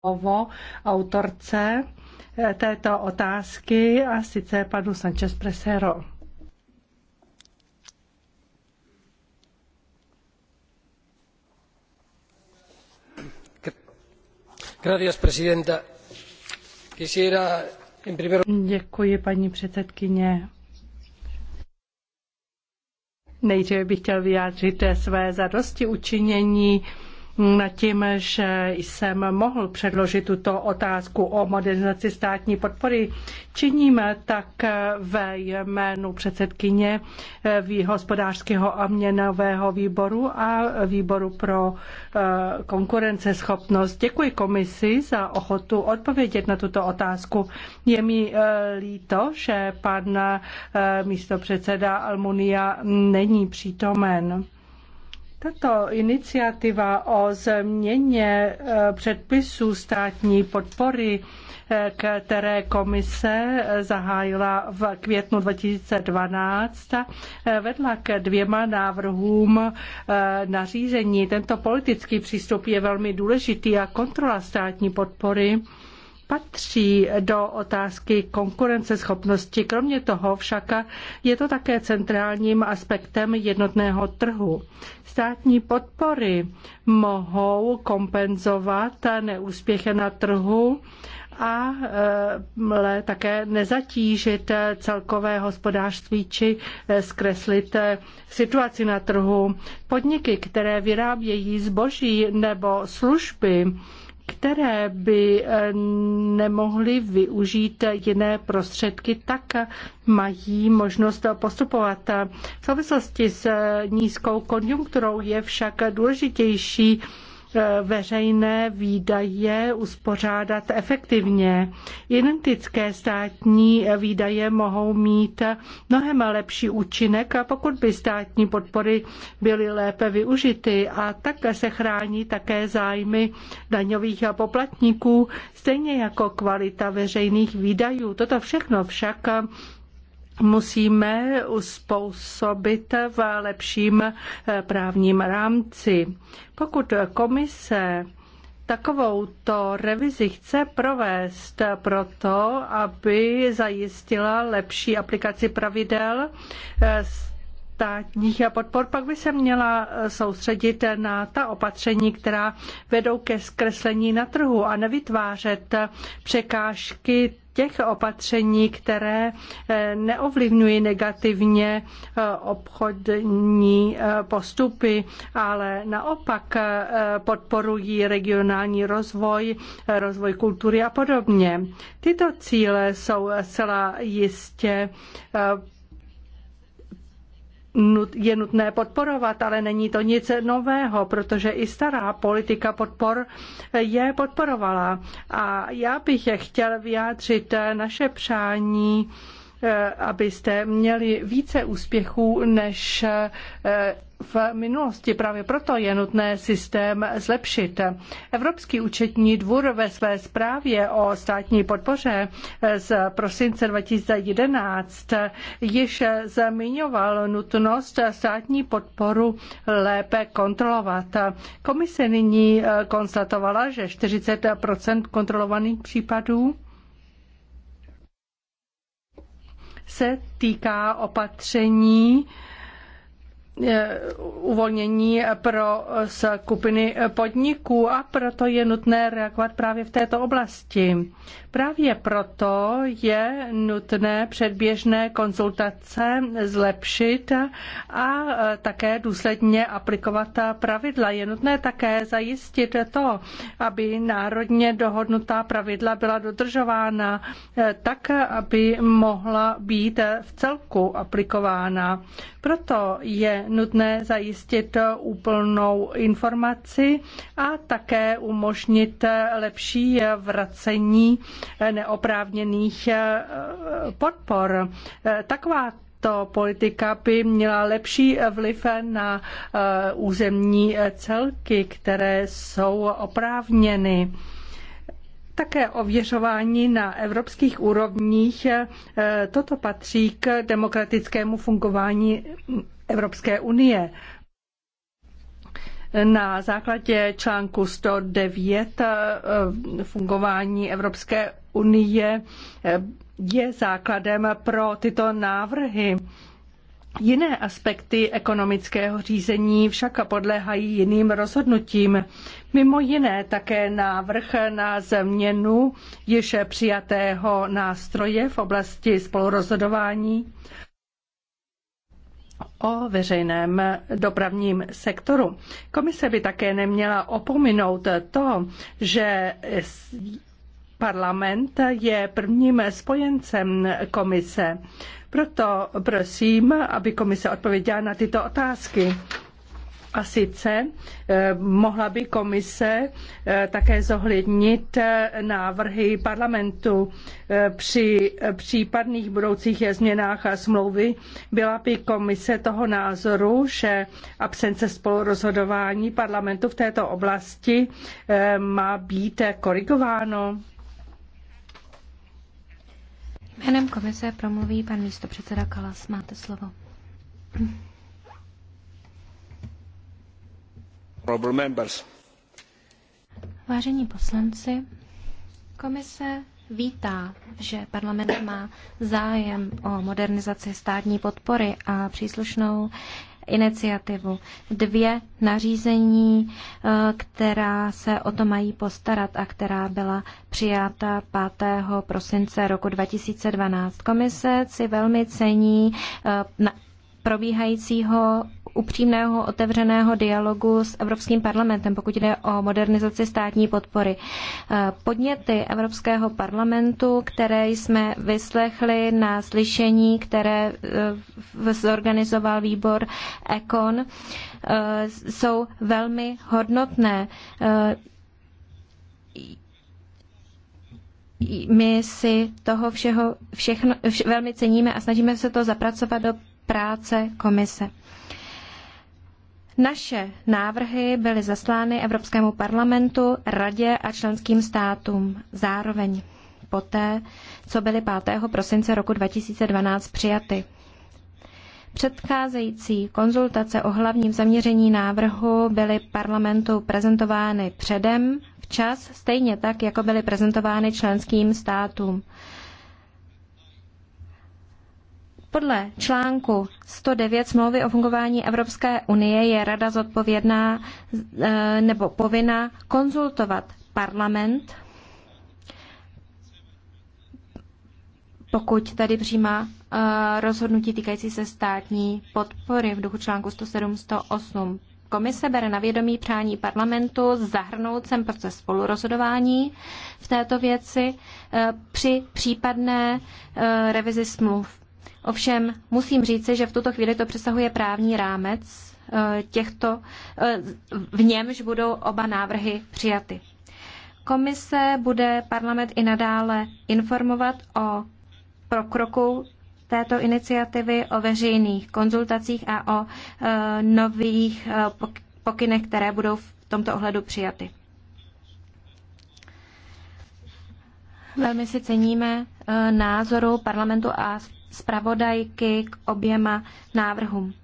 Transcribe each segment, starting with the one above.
slovo autorce eh, této otázky a sice panu Sanchez Presero. Děkuji, paní předsedkyně. Nejdříve bych chtěl vyjádřit své zadosti učinění nad tím, že jsem mohl předložit tuto otázku o modernizaci státní podpory. Činím tak ve jménu předsedkyně eh, hospodářského a měnového výboru a výboru pro eh, konkurenceschopnost. Děkuji komisi za ochotu odpovědět na tuto otázku. Je mi eh, líto, že pan místopředseda Almunia není přítomen. Tato iniciativa o změně eh, předpisů státní podpory, eh, které komise eh, zahájila v květnu 2012, vedla k dvěma návrhům nařízení. Tento politický přístup je velmi důležitý a kontrola státní podpory patří do otázky konkurenceschopnosti. Kromě toho však je to také centrálním aspektem jednotného trhu. Státní podpory mohou kompenzovat neúspěchy na trhu a ale e, také nezatížit celkové hospodářství či e, zkreslit e, situaci na trhu. Podniky, které vyrábějí zboží nebo služby, které by eh, nemohly využít jiné prostředky, tak mají možnost postupovat. V souvislosti s nízkou konjunkturou je však důležitější E, veřejné výdaje uspořádat efektivně. Identické státní výdaje mohou mít mnohem lepší účinek, pokud by státní podpory byly lépe využity a tak se chrání také zájmy daňových poplatníků, stejně jako kvalita veřejných výdajů. Toto všechno však musíme uspůsobit v lepším eh, právním rámci. Pokud komise takovouto revizi chce provést proto, aby zajistila lepší aplikaci pravidel, eh, státních podpor, pak by se měla eh, soustředit na ta opatření, která vedou ke zkreslení na trhu a nevytvářet překážky těch opatření, které eh, neovlivňují negativně eh, obchodní eh, postupy, ale naopak podporují regionální rozvoj, rozvoj kultury a podobně. Tyto cíle jsou zcela jistě je nutné podporovat, ale není to nic nového, protože i stará politika podpor je podporovala. A já bych chtěl vyjádřit naše přání Eh, abyste měli více úspěchů než eh, v minulosti. Právě proto je nutné systém zlepšit. Evropský účetní dvůr ve své zprávě o státní podpoře eh, z prosince 2011 již zmiňoval nutnost státní podporu lépe kontrolovat. Komise nyní konstatovala, že 40 kontrolovaných případů se týká opatření Eh, uvolnění pro skupiny podniků a proto je nutné reagovat právě v této oblasti. Právě proto je nutné předběžné konzultace zlepšit a eh, také důsledně aplikovat pravidla. Je nutné také zajistit to, aby národně dohodnutá pravidla byla dodržována eh, tak, aby mohla být v celku aplikována. Proto je nutné zajistit úplnou informaci a také umožnit lepší vracení neoprávněných eh, podpor. Eh, Taková to politika by měla lepší vliv na eh, územní celky, které jsou oprávněny také ověřování na evropských úrovních. E, toto patří k demokratickému fungování Evropské unie. Na základě článku 109 e, fungování Evropské unie e, je základem pro tyto návrhy. Jiné aspekty ekonomického řízení však podléhají jiným rozhodnutím. Mimo jiné také návrh na změnu již přijatého nástroje v oblasti spolurozhodování o veřejném dopravním sektoru. Komise by také neměla opominout to, že Parlament je prvním spojencem komise. Proto prosím, aby komise odpověděla na tyto otázky. A sice eh, mohla by komise eh, také zohlednit eh, návrhy parlamentu při případných budoucích změnách smlouvy. Byla by komise toho názoru, že absence spolurozhodování parlamentu v této oblasti má být korigováno? Jménem komise promluví pan předseda Kalas. Máte slovo. Vážení poslanci, komise vítá, že parlament má zájem o modernizaci státní podpory a příslušnou iniciativu. Dvě nařízení, eh, která se o to mají postarat a která byla přijata 5. prosince roku 2012. Komise si velmi cení eh, probíhajícího upřímného otevřeného dialogu s Evropským parlamentem, pokud jde o modernizaci státní podpory. Eh, podněty Evropského parlamentu, které jsme vyslechli na slyšení, které eh, zorganizoval výbor ECON, eh, jsou velmi hodnotné my si toho všeho všechno, vš, velmi ceníme a snažíme se to zapracovat do práce komise. Naše návrhy byly zaslány Evropskému parlamentu, radě a členským státům zároveň poté, co byly 5. prosince roku 2012 přijaty. Předcházející konzultace o hlavním zaměření návrhu byly parlamentu prezentovány předem, včas, stejně tak, jako byly prezentovány členským státům. Podle článku 109 smlouvy o fungování Evropské unie je Rada zodpovědná eh, nebo povinna konzultovat parlament, pokud tady přijímá eh, rozhodnutí týkající se státní podpory v duchu článku 107 108 Komise bere na vědomí přání parlamentu zahrnout sem proces spolurozhodování v této věci eh, při případné revizi smluv. Ovšem musím říci, že v tuto chvíli to přesahuje právní rámec eh, těchto, eh, v němž budou oba návrhy přijaty. Komise bude parlament i nadále informovat o prokroku této iniciativy, o veřejných konzultacích a o eh, nových pokynech, které budou v tomto ohledu přijaty. Velmi si ceníme názoru parlamentu a zpravodajky k oběma návrhům.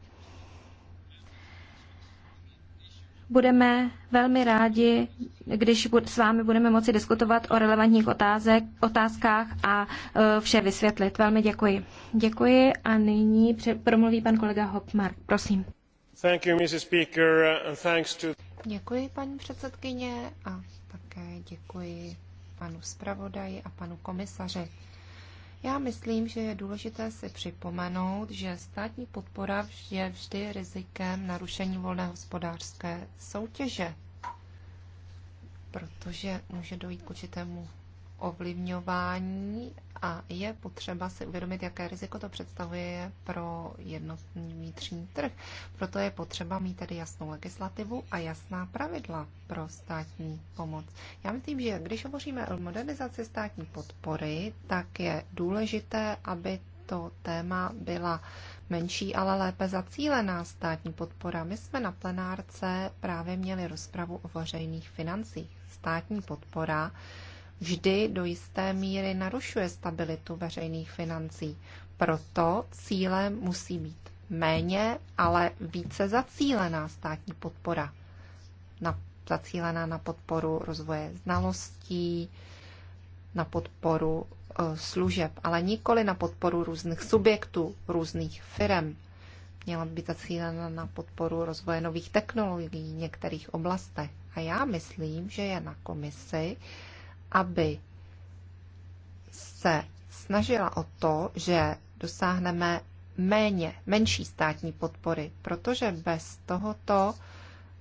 budeme velmi rádi, když s vámi budeme moci diskutovat o relevantních otázek, otázkách a e, vše vysvětlit. Velmi děkuji. Děkuji a nyní promluví pan kolega Hopmark. Prosím. Thank you, Mrs. Speaker, and thanks to... Děkuji, paní předsedkyně, a také děkuji panu zpravodaji a panu komisaři. Já myslím, že je důležité si připomenout, že státní podpora je vždy rizikem narušení volné hospodářské soutěže, protože může dojít k určitému ovlivňování a je potřeba si uvědomit, jaké riziko to představuje pro jednotný vnitřní trh. Proto je potřeba mít tady jasnou legislativu a jasná pravidla pro státní pomoc. Já myslím, že když hovoříme o modernizaci státní podpory, tak je důležité, aby to téma byla menší, ale lépe zacílená státní podpora. My jsme na plenárce právě měli rozpravu o veřejných financích. Státní podpora vždy do jisté míry narušuje stabilitu veřejných financí. Proto cílem musí být méně, ale více zacílená státní podpora. Na, zacílená na podporu rozvoje znalostí, na podporu e, služeb, ale nikoli na podporu různých subjektů, různých firm. Měla by být zacílena na podporu rozvoje nových technologií v některých oblastech. A já myslím, že je na komisi, aby se snažila o to, že dosáhneme méně, menší státní podpory, protože bez tohoto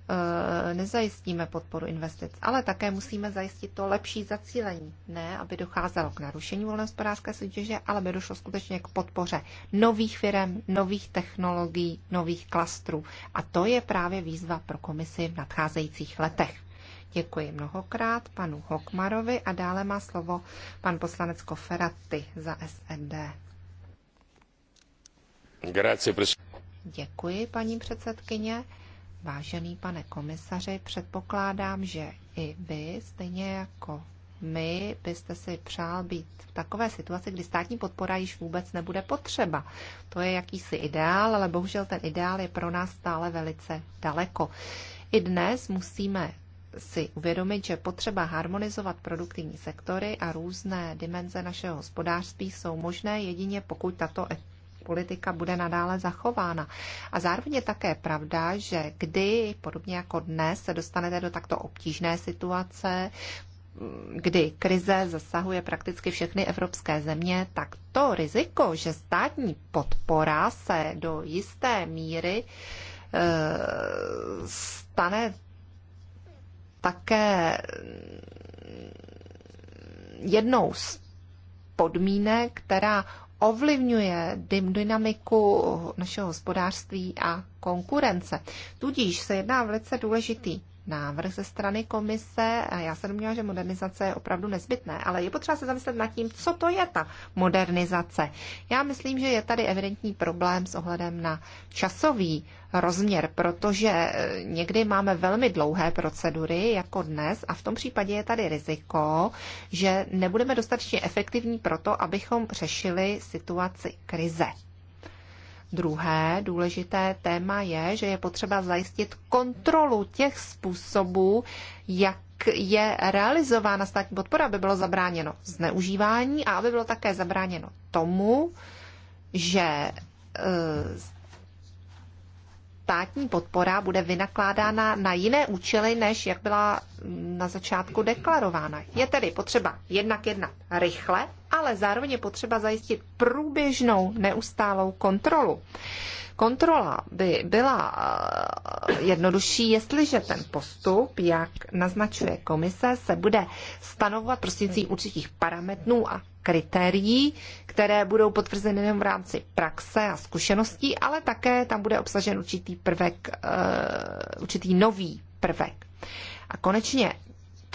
eh, nezajistíme podporu investic, ale také musíme zajistit to lepší zacílení. Ne, aby docházelo k narušení volné hospodářské soutěže, ale by došlo skutečně k podpoře nových firm, nových technologií, nových klastrů. A to je právě výzva pro komisi v nadcházejících letech. Děkuji mnohokrát panu Hokmarovi a dále má slovo pan poslanec Koferaty za SND. Děkuji, paní předsedkyně. Vážený pane komisaři, předpokládám, že i vy, stejně jako my, byste si přál být v takové situaci, kdy státní podpora již vůbec nebude potřeba. To je jakýsi ideál, ale bohužel ten ideál je pro nás stále velice daleko. I dnes musíme si uvědomit, že potřeba harmonizovat produktivní sektory a různé dimenze našeho hospodářství jsou možné jedině, pokud tato e- politika bude nadále zachována. A zároveň je také pravda, že kdy, podobně jako dnes, se dostanete do takto obtížné situace, kdy krize zasahuje prakticky všechny evropské země, tak to riziko, že státní podpora se do jisté míry eh, stane také jednou z podmínek, která ovlivňuje dynamiku našeho hospodářství a konkurence. Tudíž se jedná o velice důležitý návrh ze strany komise a já se domnívám, že modernizace je opravdu nezbytné, ale je potřeba se zamyslet nad tím, co to je ta modernizace. Já myslím, že je tady evidentní problém s ohledem na časový rozměr, protože eh, někdy máme velmi dlouhé procedury, jako dnes, a v tom případě je tady riziko, že nebudeme dostatečně efektivní proto, abychom řešili situaci krize. Druhé důležité téma je, že je potřeba zajistit kontrolu těch způsobů, jak je realizována státní podpora, aby bylo zabráněno zneužívání a aby bylo také zabráněno tomu, že eh, státní podpora bude vynakládána na jiné účely, než jak byla na začátku deklarována. Je tedy potřeba jednak jednat rychle, ale zároveň je potřeba zajistit průběžnou neustálou kontrolu. Kontrola by byla eh, jednodušší, jestliže ten postup, jak naznačuje komise, se bude stanovovat prostřednictvím určitých parametrů a kritérií, které budou potvrzeny jenom v rámci praxe a zkušeností, ale také tam bude obsažen určitý prvek, eh, určitý nový prvek. A konečně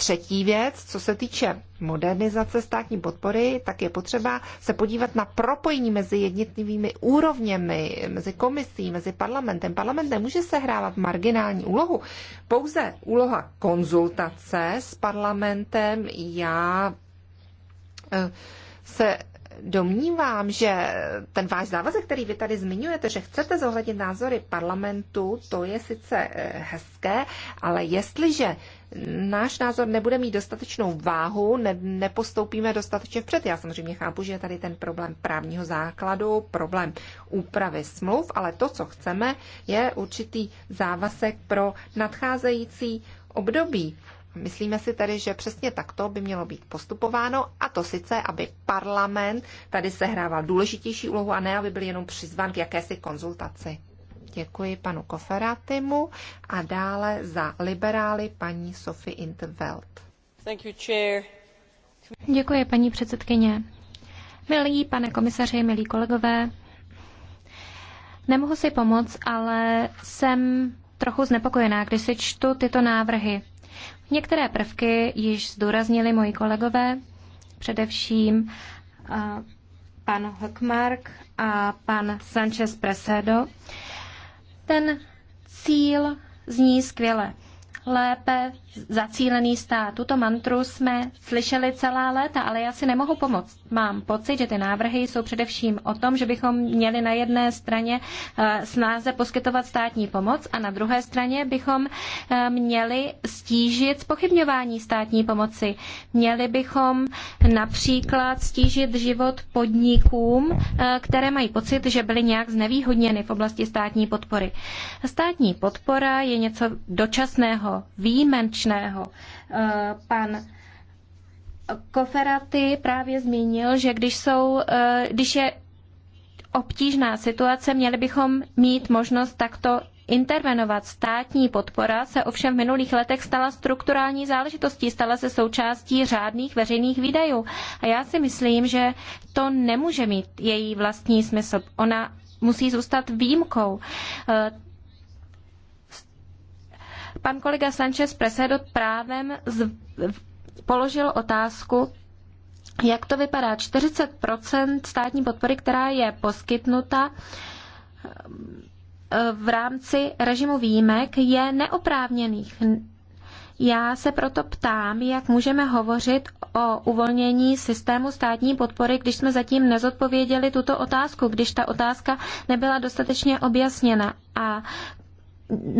třetí věc, co se týče modernizace státní podpory, tak je potřeba se podívat na propojení mezi jednotlivými úrovněmi, mezi komisí, mezi parlamentem. Parlament nemůže sehrávat marginální úlohu. Pouze úloha konzultace s parlamentem. Já eh, se domnívám, že ten váš závazek, který vy tady zmiňujete, že chcete zohlednit názory parlamentu, to je sice eh, hezké, ale jestliže náš názor nebude mít dostatečnou váhu, ne, nepostoupíme dostatečně vpřed. Já samozřejmě chápu, že je tady ten problém právního základu, problém úpravy smluv, ale to, co chceme, je určitý závazek pro nadcházející období. Myslíme si tedy, že přesně takto by mělo být postupováno a to sice, aby parlament tady sehrával důležitější úlohu a ne, aby byl jenom přizván k jakési konzultaci. Děkuji panu Koferatimu a dále za liberály paní Sophie Intveld. Děkuji, paní předsedkyně. Milí pane komisaři, milí kolegové, nemohu si pomoct, ale jsem trochu znepokojená, když si čtu tyto návrhy. Některé prvky již zdůraznili moji kolegové, především pan Hökmark a pan Sanchez Presedo. Ten cíl zní skvěle. Lépe zacílený stát. Tuto mantru jsme slyšeli celá léta, ale já si nemohu pomoct. Mám pocit, že ty návrhy jsou především o tom, že bychom měli na jedné straně eh, snáze poskytovat státní pomoc a na druhé straně bychom eh, měli stížit spochybňování státní pomoci. Měli bychom například stížit život podnikům, eh, které mají pocit, že byly nějak znevýhodněny v oblasti státní podpory. Státní podpora je něco dočasného, výjimenč společného. Eh, pan Koferaty právě zmínil, že když, jsou, eh, když je obtížná situace, měli bychom mít možnost takto intervenovat. Státní podpora se ovšem v minulých letech stala strukturální záležitostí, stala se součástí řádných veřejných výdajů. A já si myslím, že to nemůže mít její vlastní smysl. Ona musí zůstat výjimkou. Eh, Pan kolega Sanchez Presedo právem z, položil otázku, jak to vypadá. 40 státní podpory, která je poskytnuta eh, v rámci režimu výjimek, je neoprávněných. Já se proto ptám, jak můžeme hovořit o uvolnění systému státní podpory, když jsme zatím nezodpověděli tuto otázku, když ta otázka nebyla dostatečně objasněna. A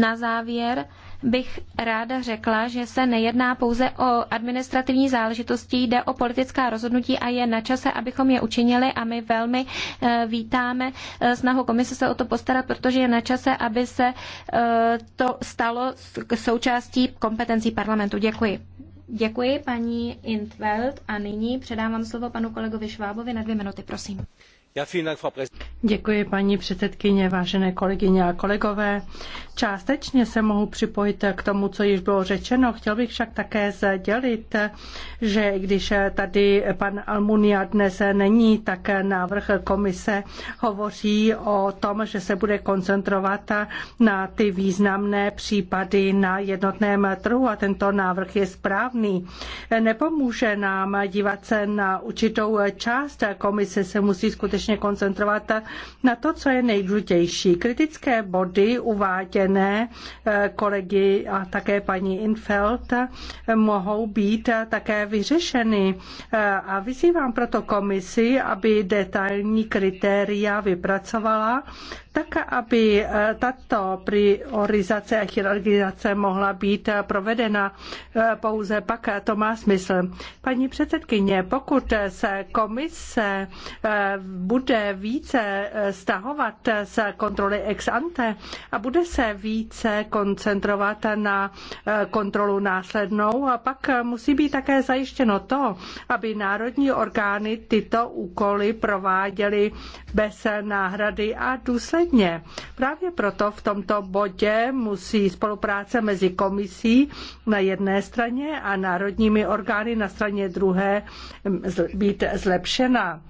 na závěr bych ráda řekla, že se nejedná pouze o administrativní záležitosti, jde o politická rozhodnutí a je na čase, abychom je učinili a my velmi eh, vítáme eh, snahu komise se o to postarat, protože je na čase, aby se eh, to stalo součástí kompetencí parlamentu. Děkuji. Děkuji paní Intveld a nyní předávám slovo panu kolegovi Švábovi na dvě minuty, prosím. vielen Dank, Frau Děkuji, paní předsedkyně, vážené kolegyně a kolegové. Částečně se mohu připojit k tomu, co již bylo řečeno. Chtěl bych však také sdělit, že když tady pan Almunia dnes není, tak návrh komise hovoří o tom, že se bude koncentrovat na ty významné případy na jednotném trhu a tento návrh je správný. Nepomůže nám dívat se na určitou část komise, se musí skutečně koncentrovat na to, co je nejdůležitější. Kritické body uváděné eh, kolegy a také paní Infeld eh, mohou být eh, také vyřešeny. A vyzývám proto komisi, aby detailní kritéria vypracovala, tak aby tato priorizace a chirurgizace mohla být provedena pouze pak, to má smysl. Paní předsedkyně, pokud se komise bude více stahovat z kontroly ex ante a bude se více koncentrovat na kontrolu následnou a pak musí být také zajištěno to, aby národní orgány tyto úkoly prováděly bez náhrady a důsledně. Právě proto v tomto bodě musí spolupráce mezi komisí na jedné straně a národními orgány na straně druhé být zlepšena.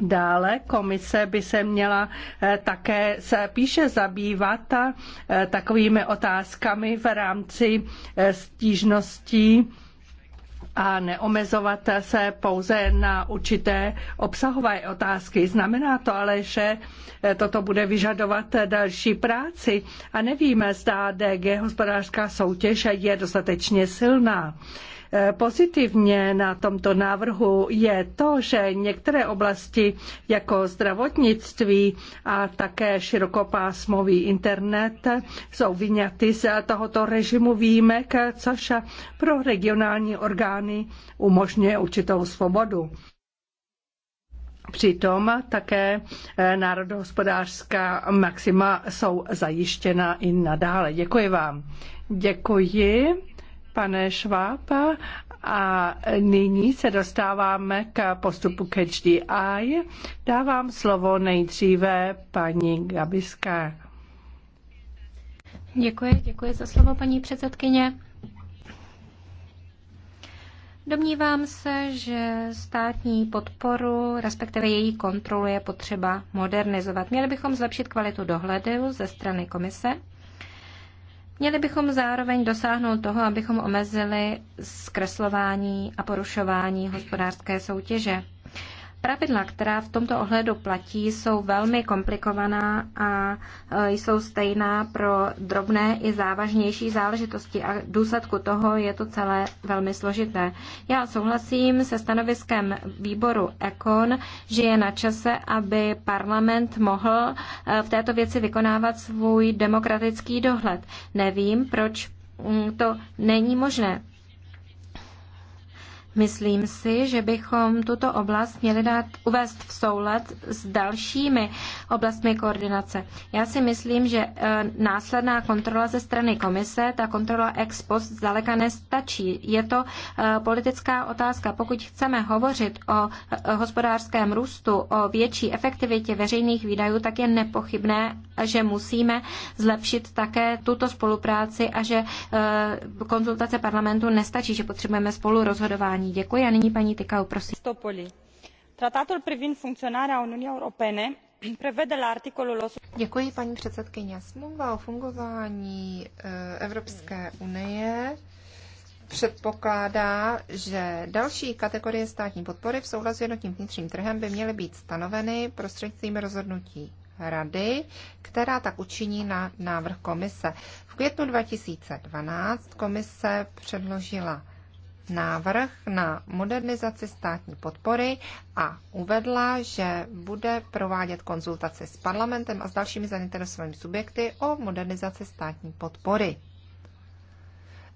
Dále komise by se měla eh, také se píše zabývat eh, takovými otázkami v rámci eh, stížností a neomezovat se pouze na určité obsahové otázky. Znamená to ale, že toto bude vyžadovat další práci a nevíme, zda DG hospodářská soutěž je dostatečně silná. Pozitivně na tomto návrhu je to, že některé oblasti jako zdravotnictví a také širokopásmový internet jsou vyňaty z tohoto režimu výjimek, což pro regionální orgány umožňuje určitou svobodu. Přitom také eh, národohospodářská maxima jsou zajištěna i nadále. Děkuji vám. Děkuji pane Schwab. A nyní se dostáváme k postupu ke HDI. Dávám slovo nejdříve paní Gabiské. Děkuji, děkuji za slovo, paní předsedkyně. Domnívám se, že státní podporu, respektive její kontrolu, je potřeba modernizovat. Měli bychom zlepšit kvalitu dohledu ze strany komise Měli bychom zároveň dosáhnout toho, abychom omezili zkreslování a porušování hospodářské soutěže. Pravidla, která v tomto ohledu platí, jsou velmi komplikovaná a e, jsou stejná pro drobné i závažnější záležitosti a v důsledku toho je to celé velmi složité. Já souhlasím se stanoviskem výboru ECON, že je na čase, aby parlament mohl e, v této věci vykonávat svůj demokratický dohled. Nevím, proč mm, to není možné. Myslím si, že bychom tuto oblast měli dát uvést v soulad s dalšími oblastmi koordinace. Já si myslím, že e, následná kontrola ze strany komise, ta kontrola ex post zdaleka nestačí. Je to e, politická otázka. Pokud chceme hovořit o e, hospodářském růstu, o větší efektivitě veřejných výdajů, tak je nepochybné, že musíme zlepšit také tuto spolupráci a že konzultace parlamentu nestačí, že potřebujeme spolu rozhodování zlepšení. Děkuji a nyní paní Tykau, prosím. Stopoli. Tratatul privind funcționarea Uniunii Europene prevede la articolul 100... Děkuji, paní předsedkyně. Smlouva o fungování eh, Evropské unie předpokládá, že další kategorie státní podpory v souhlasu s jednotným vnitřním trhem by měly být stanoveny prostřednictvím rozhodnutí rady, která tak učiní na návrh komise. V květnu 2012 komise předložila návrh na modernizaci státní podpory a uvedla, že bude provádět konzultace s parlamentem a s dalšími zainteresovanými subjekty o modernizaci státní podpory.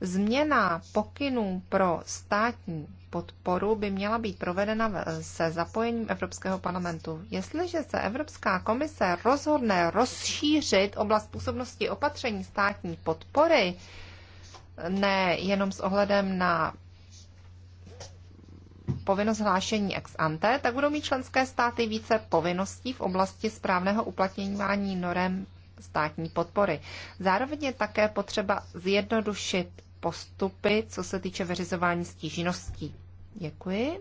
Změna pokynů pro státní podporu by měla být provedena se zapojením Evropského parlamentu. Jestliže se Evropská komise rozhodne rozšířit oblast působnosti opatření státní podpory, ne jenom s ohledem na povinnost hlášení ex ante, tak budou mít členské státy více povinností v oblasti správného uplatňování norem státní podpory. Zároveň je také potřeba zjednodušit postupy, co se týče vyřizování stížností. Děkuji.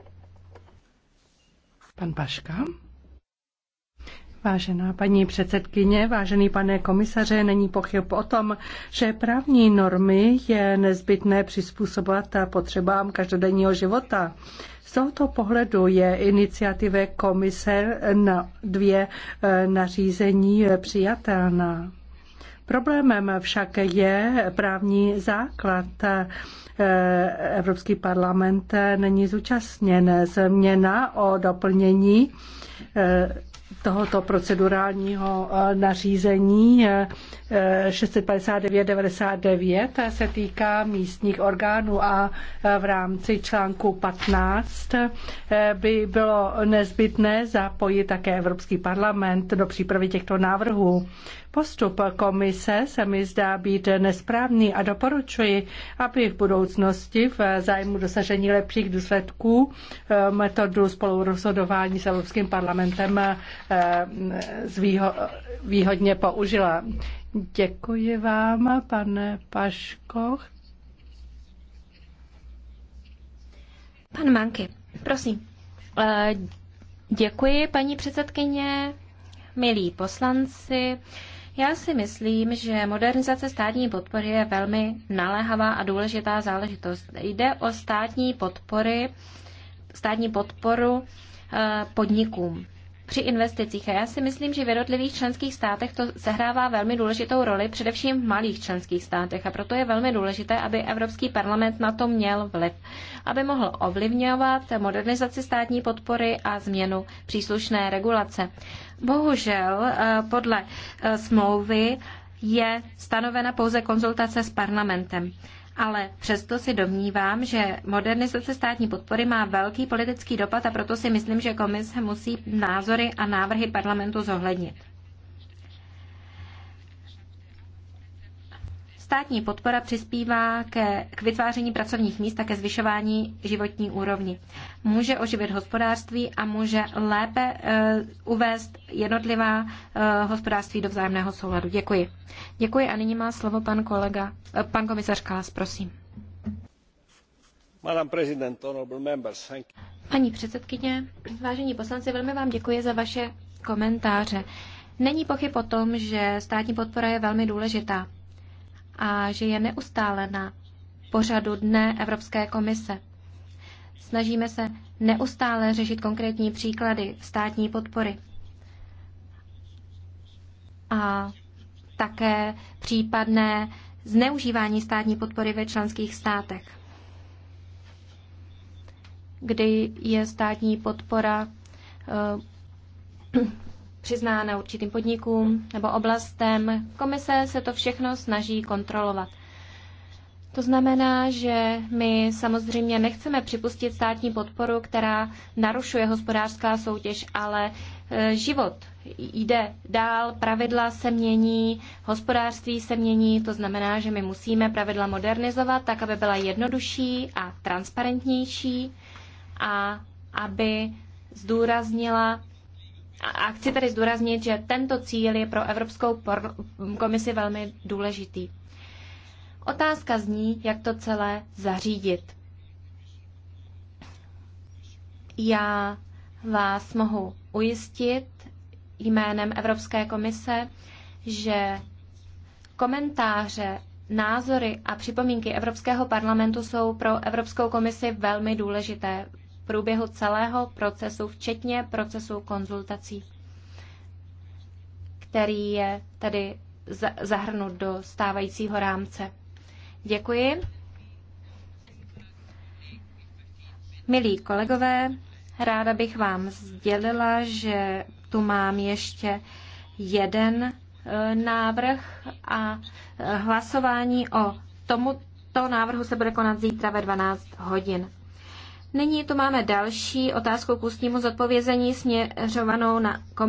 Pan Paška. Vážená paní předsedkyně, vážený pane komisaře, není pochyb o tom, že právní normy je nezbytné přizpůsobovat potřebám každodenního života. Z tohoto pohledu je iniciativa komise na dvě eh, nařízení eh, přijatelná. Problémem však je právní základ. Eh, Evropský parlament není zúčastněn. Změna o doplnění tohoto procedurálního eh, nařízení 659-99 eh, eh, se týká místních orgánů a v rámci článku 15 by bylo nezbytné zapojit také Evropský parlament do přípravy těchto návrhů. Postup komise se mi zdá být nesprávný a doporučuji, aby v budoucnosti v zájmu dosažení lepších důsledků eh, metodu spolurozhodování s Evropským parlamentem eh, výhodně použila. Děkuji vám, pane Paško. Pan Manky, prosím. Eh, děkuji, paní předsedkyně, milí poslanci. Já si myslím, že modernizace státní podpory je velmi naléhavá a důležitá záležitost. Jde o státní podpory, státní podporu eh, podnikům při investicích. A já si myslím, že v jednotlivých členských státech to sehrává velmi důležitou roli, především v malých členských státech. A proto je velmi důležité, aby Evropský parlament na to měl vliv, aby mohl ovlivňovat modernizaci státní podpory a změnu příslušné regulace. Bohužel eh, podle eh, smlouvy je stanovena pouze konzultace s parlamentem ale přesto si domnívám, že modernizace státní podpory má velký politický dopad a proto si myslím, že komise musí názory a návrhy parlamentu zohlednit. Státní podpora přispívá ke, k vytváření pracovních míst a ke zvyšování životní úrovni. Může oživit hospodářství a může lépe eh, uvést jednotlivá eh, hospodářství do vzájemného souladu. Děkuji. Děkuji a nyní má slovo pan kolega, eh, pan komisař Kalas, prosím. President, honorable members, thank you. Paní předsedkyně, vážení poslanci, velmi vám děkuji za vaše komentáře. Není pochyb o tom, že státní podpora je velmi důležitá a že je neustále na pořadu dne Evropské komise. Snažíme se neustále řešit konkrétní příklady státní podpory a také případné zneužívání státní podpory ve členských státech, kdy je státní podpora eh, přiznána určitým podnikům nebo oblastem. Komise se to všechno snaží kontrolovat. To znamená, že my samozřejmě nechceme připustit státní podporu, která narušuje hospodářská soutěž, ale e, život jde dál, pravidla se mění, hospodářství se mění, to znamená, že my musíme pravidla modernizovat tak, aby byla jednodušší a transparentnější a aby zdůraznila a chci tady zdůraznit, že tento cíl je pro Evropskou komisi velmi důležitý. Otázka zní, jak to celé zařídit. Já vás mohu ujistit jménem Evropské komise, že komentáře, názory a připomínky Evropského parlamentu jsou pro Evropskou komisi velmi důležité průběhu celého procesu, včetně procesu konzultací, který je tedy zahrnut do stávajícího rámce. Děkuji. Milí kolegové, ráda bych vám sdělila, že tu mám ještě jeden e, návrh a e, hlasování o tomuto návrhu se bude konat zítra ve 12 hodin. Nyní tu máme další otázku k ústnímu zodpovězení směřovanou na komisi.